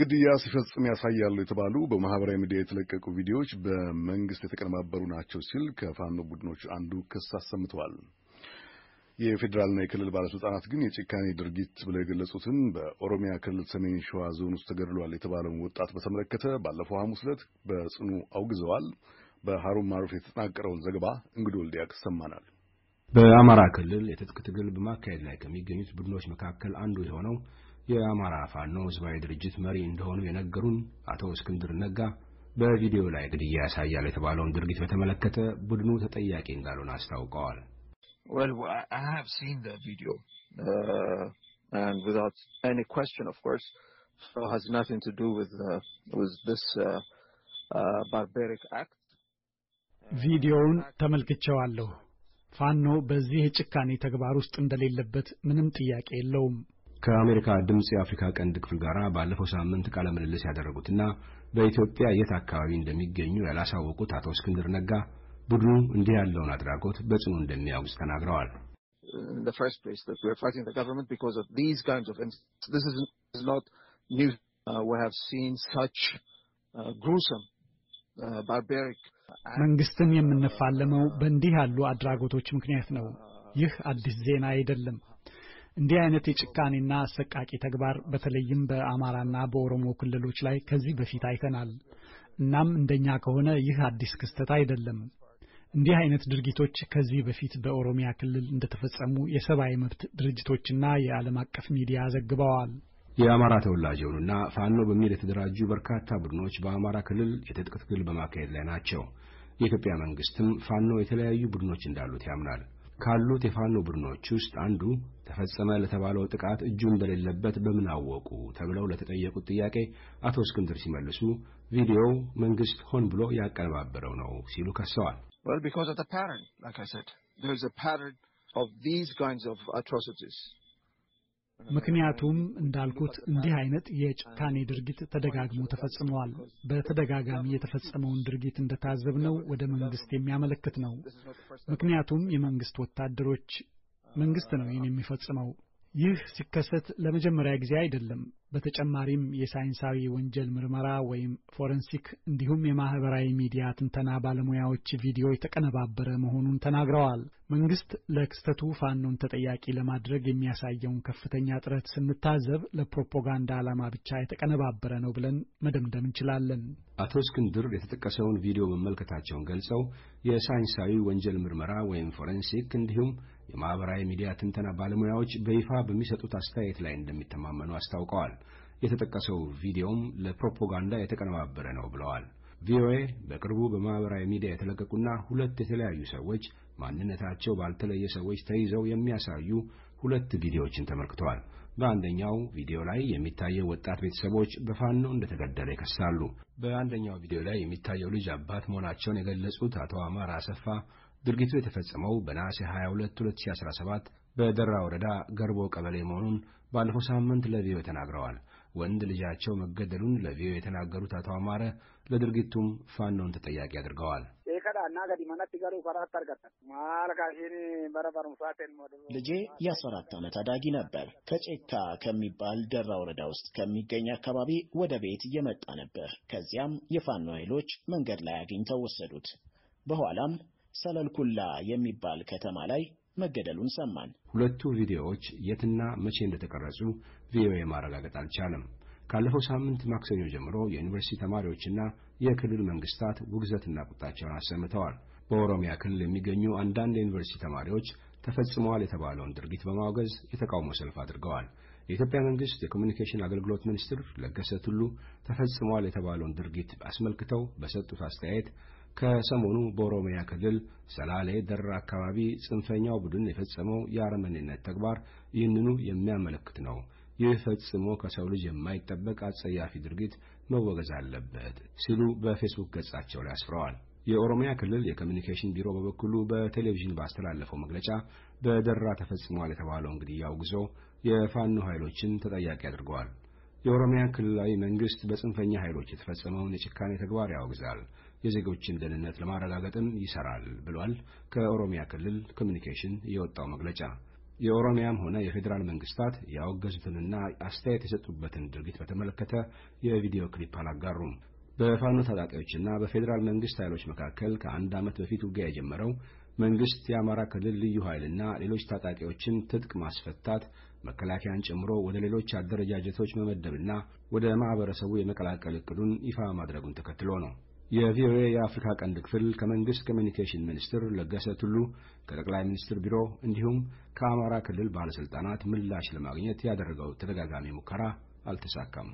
ግድያ ሲፈጽም ያሳያሉ የተባሉ በማህበራዊ ሚዲያ የተለቀቁ ቪዲዮዎች በመንግስት የተቀነባበሩ ናቸው ሲል ከፋኖ ቡድኖች አንዱ ክስ አሰምተዋል። የፌዴራልና የክልል ባለስልጣናት ግን የጭካኔ ድርጊት ብለው የገለጹትን በኦሮሚያ ክልል ሰሜን ሸዋ ዞን ውስጥ ተገድሏል የተባለውን ወጣት በተመለከተ ባለፈው ሐሙስ ዕለት በጽኑ አውግዘዋል። በሃሩን ማሩፍ የተጠናቀረውን ዘገባ እንግዶ ወልዲያ ሰማናል። በአማራ ክልል የትጥቅ ትግል በማካሄድ ላይ ከሚገኙት ቡድኖች መካከል አንዱ የሆነው የአማራ ፋኖ ህዝባዊ ድርጅት መሪ እንደሆኑ የነገሩን አቶ እስክንድር ነጋ በቪዲዮ ላይ ግድያ ያሳያል የተባለውን ድርጊት በተመለከተ ቡድኑ ተጠያቂ እንዳልሆነ አስታውቀዋል። ቪዲዮውን ተመልክቼዋለሁ። ፋኖ በዚህ የጭካኔ ተግባር ውስጥ እንደሌለበት ምንም ጥያቄ የለውም። ከአሜሪካ ድምፅ የአፍሪካ ቀንድ ክፍል ጋር ባለፈው ሳምንት ቃለ ምልልስ ያደረጉትና በኢትዮጵያ የት አካባቢ እንደሚገኙ ያላሳወቁት አቶ እስክንድር ነጋ ቡድኑ እንዲህ ያለውን አድራጎት በጽኑ እንደሚያወግዝ ተናግረዋል። uh, uh, uh, መንግስትን የምንፋለመው በእንዲህ ያሉ አድራጎቶች ምክንያት ነው። ይህ አዲስ ዜና አይደለም። እንዲህ አይነት የጭካኔና አሰቃቂ ተግባር በተለይም በአማራና በኦሮሞ ክልሎች ላይ ከዚህ በፊት አይተናል። እናም እንደኛ ከሆነ ይህ አዲስ ክስተት አይደለም። እንዲህ አይነት ድርጊቶች ከዚህ በፊት በኦሮሚያ ክልል እንደተፈጸሙ የሰብአዊ መብት ድርጅቶችና የዓለም አቀፍ ሚዲያ ዘግበዋል። የአማራ ተወላጅ የሆኑና ፋኖ በሚል የተደራጁ በርካታ ቡድኖች በአማራ ክልል የትጥቅ ትግል በማካሄድ ላይ ናቸው። የኢትዮጵያ መንግስትም ፋኖ የተለያዩ ቡድኖች እንዳሉት ያምናል። ካሉት የፋኖ ቡድኖች ውስጥ አንዱ ተፈጸመ ለተባለው ጥቃት እጁ እንደሌለበት በምን አወቁ ተብለው ለተጠየቁት ጥያቄ አቶ እስክንድር ሲመልሱ ቪዲዮው መንግስት ሆን ብሎ ያቀነባበረው ነው ሲሉ ከሰዋል። Well, because of the pattern, like I said, a pattern of these kinds of atrocities. ምክንያቱም እንዳልኩት እንዲህ አይነት የጭካኔ ድርጊት ተደጋግሞ ተፈጽመዋል። በተደጋጋሚ የተፈጸመውን ድርጊት እንደታዘብነው ወደ መንግስት የሚያመለክት ነው። ምክንያቱም የመንግስት ወታደሮች መንግስት ነው ይህን የሚፈጽመው። ይህ ሲከሰት ለመጀመሪያ ጊዜ አይደለም። በተጨማሪም የሳይንሳዊ ወንጀል ምርመራ ወይም ፎረንሲክ እንዲሁም የማህበራዊ ሚዲያ ትንተና ባለሙያዎች ቪዲዮ የተቀነባበረ መሆኑን ተናግረዋል። መንግስት ለክስተቱ ፋኖን ተጠያቂ ለማድረግ የሚያሳየውን ከፍተኛ ጥረት ስንታዘብ ለፕሮፓጋንዳ ዓላማ ብቻ የተቀነባበረ ነው ብለን መደምደም እንችላለን። አቶ እስክንድር የተጠቀሰውን ቪዲዮ መመልከታቸውን ገልጸው የሳይንሳዊ ወንጀል ምርመራ ወይም ፎረንሲክ እንዲሁም የማህበራዊ ሚዲያ ትንተና ባለሙያዎች በይፋ በሚሰጡት አስተያየት ላይ እንደሚተማመኑ አስታውቀዋል። የተጠቀሰው ቪዲዮም ለፕሮፓጋንዳ የተቀነባበረ ነው ብለዋል። ቪኦኤ በቅርቡ በማኅበራዊ ሚዲያ የተለቀቁና ሁለት የተለያዩ ሰዎች ማንነታቸው ባልተለየ ሰዎች ተይዘው የሚያሳዩ ሁለት ቪዲዮዎችን ተመልክተዋል። በአንደኛው ቪዲዮ ላይ የሚታየው ወጣት ቤተሰቦች በፋኖ እንደተገደለ ይከሳሉ። በአንደኛው ቪዲዮ ላይ የሚታየው ልጅ አባት መሆናቸውን የገለጹት አቶ አማራ አሰፋ ድርጊቱ የተፈጸመው በነሐሴ 22 2017 በደራ ወረዳ ገርቦ ቀበሌ መሆኑን ባለፈው ሳምንት ለቪኦኤ ተናግረዋል። ወንድ ልጃቸው መገደሉን ለቪኦኤ የተናገሩት አቶ አማረ ለድርጊቱም ፋኖን ተጠያቂ አድርገዋል። ልጄ የአስራ አራት ዓመት አዳጊ ነበር። ከጨካ ከሚባል ደራ ወረዳ ውስጥ ከሚገኝ አካባቢ ወደ ቤት እየመጣ ነበር። ከዚያም የፋኖ ኃይሎች መንገድ ላይ አግኝተው ወሰዱት። በኋላም ሰለልኩላ የሚባል ከተማ ላይ መገደሉን ሰማን። ሁለቱ ቪዲዮዎች የትና መቼ እንደተቀረጹ ቪኦኤ ማረጋገጥ አልቻለም። ካለፈው ሳምንት ማክሰኞ ጀምሮ የዩኒቨርሲቲ ተማሪዎችና የክልል መንግስታት ውግዘትና ቁጣቸውን አሰምተዋል። በኦሮሚያ ክልል የሚገኙ አንዳንድ የዩኒቨርሲቲ ተማሪዎች ተፈጽመዋል የተባለውን ድርጊት በማውገዝ የተቃውሞ ሰልፍ አድርገዋል። የኢትዮጵያ መንግስት የኮሚኒኬሽን አገልግሎት ሚኒስትር ለገሰ ቱሉ ተፈጽመዋል የተባለውን ድርጊት አስመልክተው በሰጡት አስተያየት ከሰሞኑ በኦሮሚያ ክልል ሰላሌ ደራ አካባቢ ጽንፈኛው ቡድን የፈጸመው የአረመኔነት ተግባር ይህንኑ የሚያመለክት ነው። ይህ ፈጽሞ ከሰው ልጅ የማይጠበቅ አጸያፊ ድርጊት መወገዝ አለበት ሲሉ በፌስቡክ ገጻቸው ላይ አስፍረዋል። የኦሮሚያ ክልል የኮሚኒኬሽን ቢሮ በበኩሉ በቴሌቪዥን ባስተላለፈው መግለጫ በደራ ተፈጽሟል የተባለው እንግዲህ አውግዞ የፋኖ ኃይሎችን ተጠያቂ አድርገዋል። የኦሮሚያ ክልላዊ መንግስት በጽንፈኛ ኃይሎች የተፈጸመውን የጭካኔ ተግባር ያወግዛል። የዜጎችን ደህንነት ለማረጋገጥም ይሰራል ብሏል። ከኦሮሚያ ክልል ኮሚኒኬሽን የወጣው መግለጫ የኦሮሚያም ሆነ የፌዴራል መንግስታት ያወገዙትንና አስተያየት የሰጡበትን ድርጊት በተመለከተ የቪዲዮ ክሊፕ አላጋሩም። በፋኖ ታጣቂዎችና በፌዴራል መንግስት ኃይሎች መካከል ከአንድ ዓመት በፊት ውጊያ የጀመረው መንግስት የአማራ ክልል ልዩ ኃይልና ሌሎች ታጣቂዎችን ትጥቅ ማስፈታት፣ መከላከያን ጨምሮ ወደ ሌሎች አደረጃጀቶች መመደብና ወደ ማኅበረሰቡ የመቀላቀል እቅዱን ይፋ ማድረጉን ተከትሎ ነው። የቪኦኤ የአፍሪካ ቀንድ ክፍል ከመንግስት ኮሚኒኬሽን ሚኒስትር ለገሰ ቱሉ ከጠቅላይ ሚኒስትር ቢሮ እንዲሁም ከአማራ ክልል ባለሥልጣናት ምላሽ ለማግኘት ያደረገው ተደጋጋሚ ሙከራ አልተሳካም።